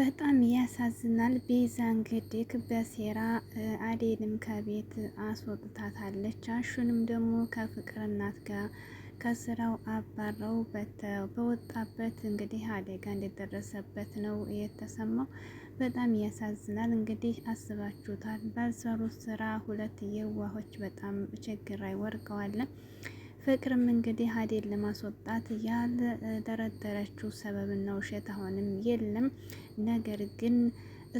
በጣም ያሳዝናል። ቤዛ እንግዲህ በሴራ አዴንም ከቤት አስወጥታታለች። አሹንም ደግሞ ከፍቅር እናት ጋር ከስራው አባረው በወጣበት እንግዲህ አደጋ እንደደረሰበት ነው የተሰማው። በጣም ያሳዝናል። እንግዲህ አስባችሁታል። ባልሰሩት ስራ ሁለት የዋሆች በጣም ችግር ላይ ፍቅርም እንግዲህ አዴን ለማስወጣት ያልደረደረችው ሰበብና ውሸት አሁንም የለም። ነገር ግን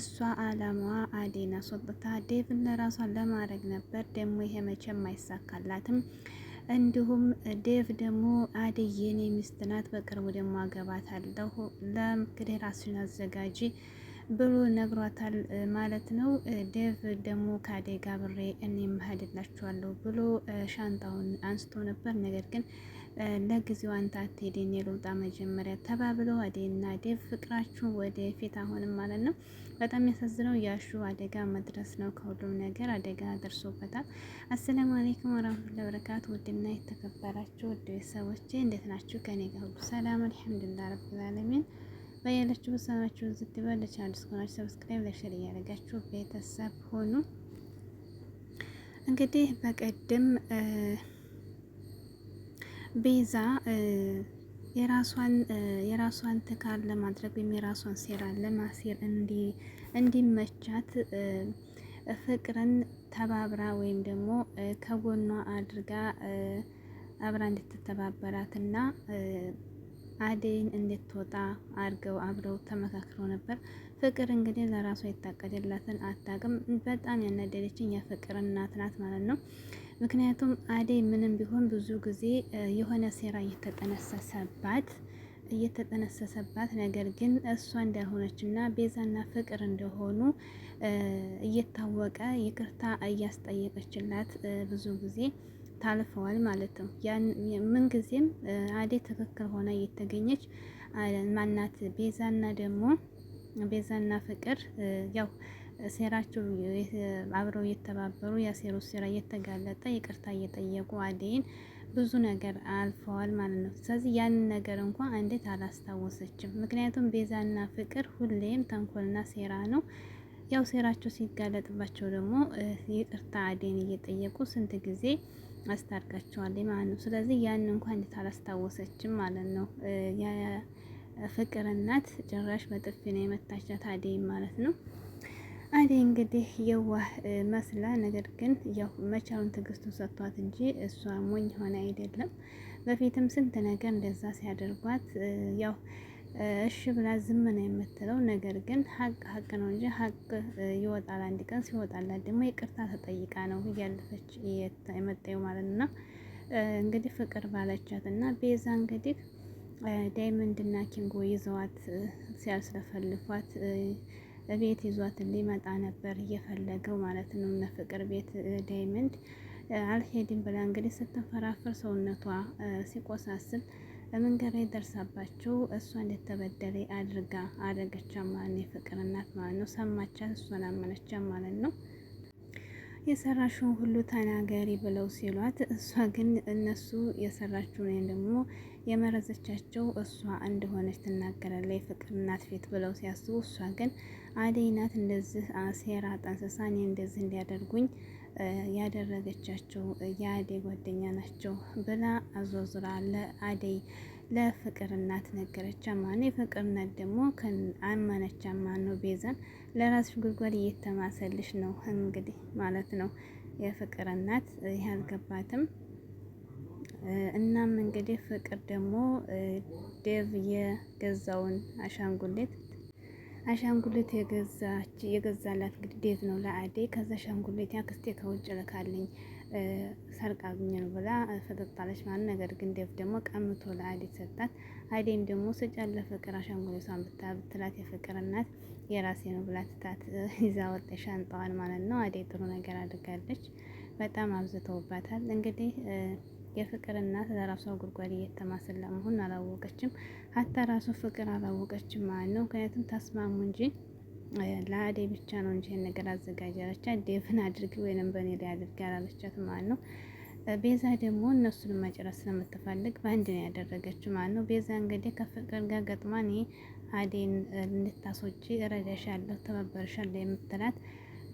እሷ አላማዋ አዴን አስወጥታ ዴቭን ለራሷን ለማድረግ ነበር። ደግሞ ይሄ መቼም አይሳካላትም። እንዲሁም ዴቭ ደግሞ አዴ የኔ ሚስት ናት፣ በቅርቡ ደግሞ አገባታለሁ፣ ለምክሬ ራስሽን አዘጋጂ ብሎ ነግሯታል ማለት ነው። ዴቭ ደግሞ ካዴ ጋብሬ አብሬ እኔ የምሄድላችኋለሁ ብሎ ሻንጣውን አንስቶ ነበር። ነገር ግን ለጊዜው አንተ አትሄድም፣ የለውጣ መጀመሪያ ተባብለው አዴና ዴቭ ፍቅራችሁ ወደፊት አሁንም ማለት ነው። በጣም ያሳዝነው ያሹ አደጋ መድረስ ነው። ከሁሉም ነገር አደጋ ደርሶበታል። አሰላሙ አሌይኩም ወራህመቱላሂ ወበረካቱ። ውድና የተከበራችሁ ውድ ቤተሰቦቼ እንዴት ናችሁ? ከኔ ጋር ሁሉ ሰላም አልሐምዱሊላህ ረቢል ዓለሚን በያለችሁ ሰናችሁ ዝትበል ለቻናል ስኮናችሁ ሰብስክራይብ ለሸር እያደረጋችሁ ቤተሰብ ሆኑ። እንግዲህ በቀደም ቤዛ የራሷን የራሷን ትካል ለማድረግ ወይም የራሷን ሴራ ለማሴር እንዲመቻት ፍቅርን ተባብራ ወይም ደግሞ ከጎኗ አድርጋ አብራ እንድትተባበራት እና አደይን እንድትወጣ አድርገው አብረው ተመካክረው ነበር። ፍቅር እንግዲህ ለራሷ የታቀደላትን አታውቅም። በጣም ያናደደችኝ የፍቅር እናት ናት ማለት ነው። ምክንያቱም አደይ ምንም ቢሆን ብዙ ጊዜ የሆነ ሴራ እየተጠነሰሰባት እየተጠነሰሰባት ነገር ግን እሷ እንዳልሆነች እና ቤዛና ፍቅር እንደሆኑ እየታወቀ ይቅርታ እያስጠየቀችላት ብዙ ጊዜ ታልፈዋል ማለት ነው። ምንጊዜም አዴ ትክክል ሆና እየተገኘች ማናት ቤዛና ደግሞ ቤዛና ፍቅር ያው ሴራቸው አብረው እየተባበሩ ያሴሩ ሴራ እየተጋለጠ ይቅርታ እየጠየቁ አዴን ብዙ ነገር አልፈዋል ማለት ነው። ስለዚህ ያንን ነገር እንኳን እንዴት አላስታወሰችም? ምክንያቱም ቤዛና ፍቅር ሁሌም ተንኮልና ሴራ ነው። ያው ሴራቸው ሲጋለጥባቸው ደግሞ ይቅርታ አዴን እየጠየቁ ስንት ጊዜ አስታርቃቸዋለች ማለት ነው። ስለዚህ ያን እንኳን አላስታወሰችም ማለት ነው። የፍቅር እናት ጭራሽ በጥፊ ነው የመታቻት አደይ ማለት ነው። አደይ እንግዲህ የዋህ መስላ ነገር ግን ያው መቻሉን ትዕግስቱን ሰጥቷት እንጂ እሷ ሞኝ ሆነ አይደለም። በፊትም ስንት ነገር እንደዛ ሲያደርጓት ያው እሺ ብላ ዝም ነው የምትለው። ነገር ግን ሀቅ ሀቅ ነው እንጂ ሀቅ ይወጣል አንድ ቀን። ሲወጣላት ደግሞ ይቅርታ ተጠይቃ ነው እያለፈች የመጣዩ ማለት ነው። እንግዲህ ፍቅር ባለቻት እና ቤዛ እንግዲህ ዳይመንድ እና ኪንጎ ይዘዋት ሲያስለፈልፏት ቤት ይዟት ሊመጣ ነበር እየፈለገው ማለት ነው። እነ ፍቅር ቤት ዳይመንድ አልሄድም ብላ እንግዲህ ስትንፈራፍር ሰውነቷ ሲቆሳስል በመንገድ ላይ ደርሳባቸው እሷ እንደተበደለ አድርጋ አደረገቻ ማለት ነው። የፍቅር እናት ማለት ነው። ሰማቻት፣ እሷን አመነቻ ማለት ነው። የሰራሽውን ሁሉ ተናገሪ ብለው ሲሏት እሷ ግን እነሱ የሰራችውን ወይም ደግሞ የመረዘቻቸው እሷ እንደሆነች ትናገራለች። የፍቅር እናት ፊት ብለው ሲያስቡ እሷ ግን አደይ ናት እንደዚህ ሴራ ጠንስሳ እኔ እንደዚህ እንዲያደርጉኝ ያደረገቻቸው የአደይ ጓደኛ ናቸው ብላ አዞዝራ ለአደይ ለፍቅር እናት ነገረች። አማን የፍቅር እናት ደግሞ አመነች። አማን ነው ቤዛን ለራስሽ ጉድጓድ እየተማሰልሽ ነው እንግዲህ ማለት ነው። የፍቅር እናት ይህ አልገባትም። እናም እንግዲህ ፍቅር ደግሞ ዴቭ የገዛውን አሻንጉሌት አሻንጉሊት የገዛች የገዛላት ግዴት ነው ለአዴ። ከዛ አሻንጉሊት ያክስቴ ከውጭ ልካልኝ ሰርቃብኝ ነው ብላ ፈጠጣለች ማለት ነገር ግን ደፍ ደግሞ ቀምቶ ለአዴ ሰጣት። አዴም ደግሞ ስጫለ ፍቅር አሻንጉሊቷን ብትላት የፍቅር እናት የራሴ ነው ብላ ትታት ይዛ ወጣ ሻንጣዋን ማለት ነው። አዴ ጥሩ ነገር አድርጋለች። በጣም አብዝተውባታል እንግዲህ የፍቅር እናት ለራሷ ጉድጓድ እየተማሰለ መሆን አላወቀችም። ሀታ ራሱ ፍቅር አላወቀችም ማለት ነው። ምክንያቱም ተስማሙ እንጂ ለአዴ ብቻ ነው እንጂ ይህን ነገር አዘጋጃለቻት። ዴቭን አድርጊ ወይንም በእኔ ላይ አድርጊ አላለቻት ማለት ነው። ቤዛ ደግሞ እነሱን መጨረስ ስለምትፈልግ በአንድ ነው ያደረገችው ማለት ነው። ቤዛ እንግዲህ ከፍቅር ጋር ገጥማ እኔ አዴን እንድታስወጪ እረዳሻለሁ፣ ተባበርሻለሁ የምትላት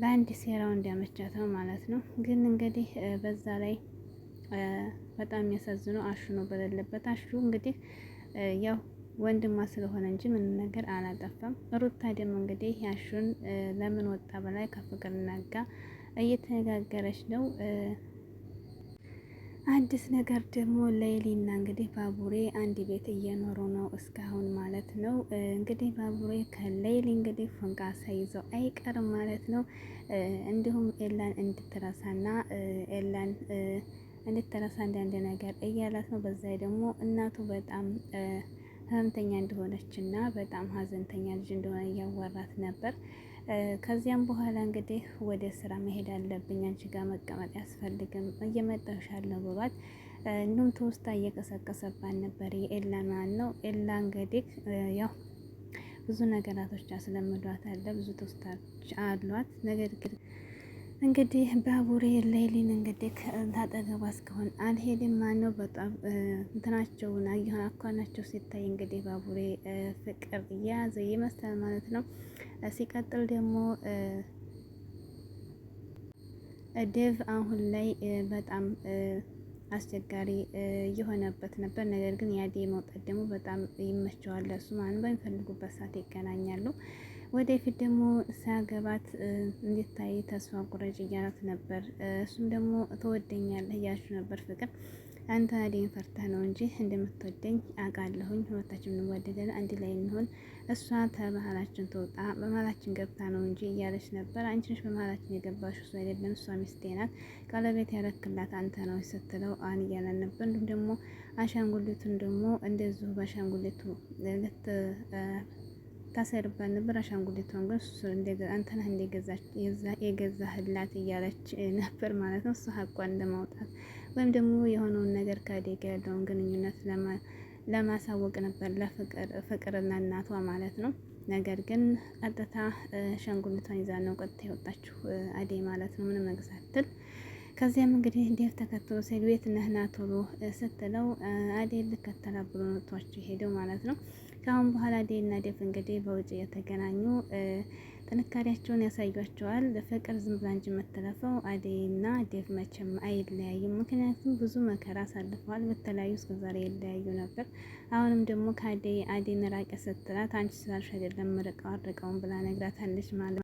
በአንድ ሴራው እንዲያመቻት ነው ማለት ነው። ግን እንግዲህ በዛ ላይ በጣም የሚያሳዝነው አሹ ነው በሌለበት። አሹ እንግዲህ ያው ወንድሟ ስለሆነ እንጂ ምንም ነገር አላጠፋም። ሩታ ደግሞ እንግዲህ ያሹን ለምን ወጣ በላይ ከፍቅርና ጋ እየተነጋገረች ነው። አዲስ ነገር ደግሞ ለይሊና እንግዲህ ባቡሬ አንድ ቤት እየኖሩ ነው እስካሁን ማለት ነው። እንግዲህ ባቡሬ ከሌሊ እንግዲህ ፎንቃ ሳይዘው አይቀርም ማለት ነው። እንዲሁም ኤላን እንድትረሳና ኤላን እንድትረሳ አንዳንድ ነገር እያላት ነው። በዛ ደግሞ እናቱ በጣም ህመምተኛ እንደሆነች እና በጣም ሀዘንተኛ ልጅ እንደሆነ እያወራት ነበር። ከዚያም በኋላ እንግዲህ ወደ ስራ መሄድ አለብኝ፣ አንቺ ጋር መቀመጥ ያስፈልግም እየመጣሻለሁ ብሏት እንዲሁም ትውስታ እየቀሰቀሰባን ነበር። የኤላ ማን ነው ኤላ እንግዲህ ያው ብዙ ነገራቶች አለ ብዙ ትውስታዎች አሏት ነገር ግን እንግዲህ ባቡሬ ሌሊን እንግዲህ ታጠገቧ እስከሆን አልሄድም ነው በጣም እንትናቸውን አየሆን አኳናቸው ሲታይ እንግዲህ ባቡሬ ፍቅር የያዘ ይመስላል ማለት ነው። ሲቀጥል ደግሞ ዴቭ አሁን ላይ በጣም አስቸጋሪ እየሆነበት ነበር። ነገር ግን ያዴ መውጣት ደግሞ በጣም ይመቸዋል። እሱ ማን በሚፈልጉበት ሰዓት ይገናኛሉ። ወደፊት ደግሞ ሲያገባት እንድታይ ተስፋ ቁረጭ እያላት ነበር። እሱም ደግሞ ተወደኛለህ እያለችው ነበር ፍቅር አንተ እኔን ፈርተህ ነው እንጂ እንደምትወደኝ አውቃለሁኝ። ሁለታችን እንዋደዳለን፣ አንድ ላይ እንሆን። እሷ ተመሀላችን ተወጣ በመሀላችን ገብታ ነው እንጂ እያለች ነበር። አንቺ ነሽ በመሀላችን የገባሽ እሱ አይደለም፣ እሷ ሚስቴ ናት። ቀለበት ያረክላት አንተ ነው ስትለው አን እያለን ነበር። እንዲሁም ደግሞ አሻንጉሊቱን ደግሞ እንደዚሁ በአሻንጉሊቱ ልት ታሰርባን ነበር። አሻንጉሊቷን ግን አንተና የገዛህላት እያለች ነበር ማለት ነው። እሱ ሀቋን ለማውጣት ወይም ደግሞ የሆነውን ነገር ከአደጋ ያለውን ግንኙነት ለማሳወቅ ነበር ለፍቅርና እናቷ ማለት ነው። ነገር ግን ቀጥታ አሻንጉሊቷን ይዛ ነው ቀጥታ የወጣችሁ አዴ ማለት ነው። ምን መግዛትል ከዚያም እንግዲህ ዴቭ ተከትሎ ሲሄድ ቤት ነህና ቶሎ ስትለው አዴ ልከተላ ብሎ ነቷቸው ሄደው ማለት ነው። ከአሁን በኋላ ዴ እና ዴፍ እንግዲህ በውጭ እየተገናኙ ጥንካሬያቸውን ያሳያቸዋል። ፍቅር ዝም ብላ እንጂ የምትለፈው አዴና ዴፍ መቼም አይለያዩም። ምክንያቱም ብዙ መከራ አሳልፈዋል። በተለያዩ እስከዛሬ የለያዩ ነበር። አሁንም ደግሞ ከአዴ አዴን ራቂ ስትላት አንቺ ስላልሽ አይደለም ምርቀው አድርቀውን ብላ ነግራታለች ማለት ነው።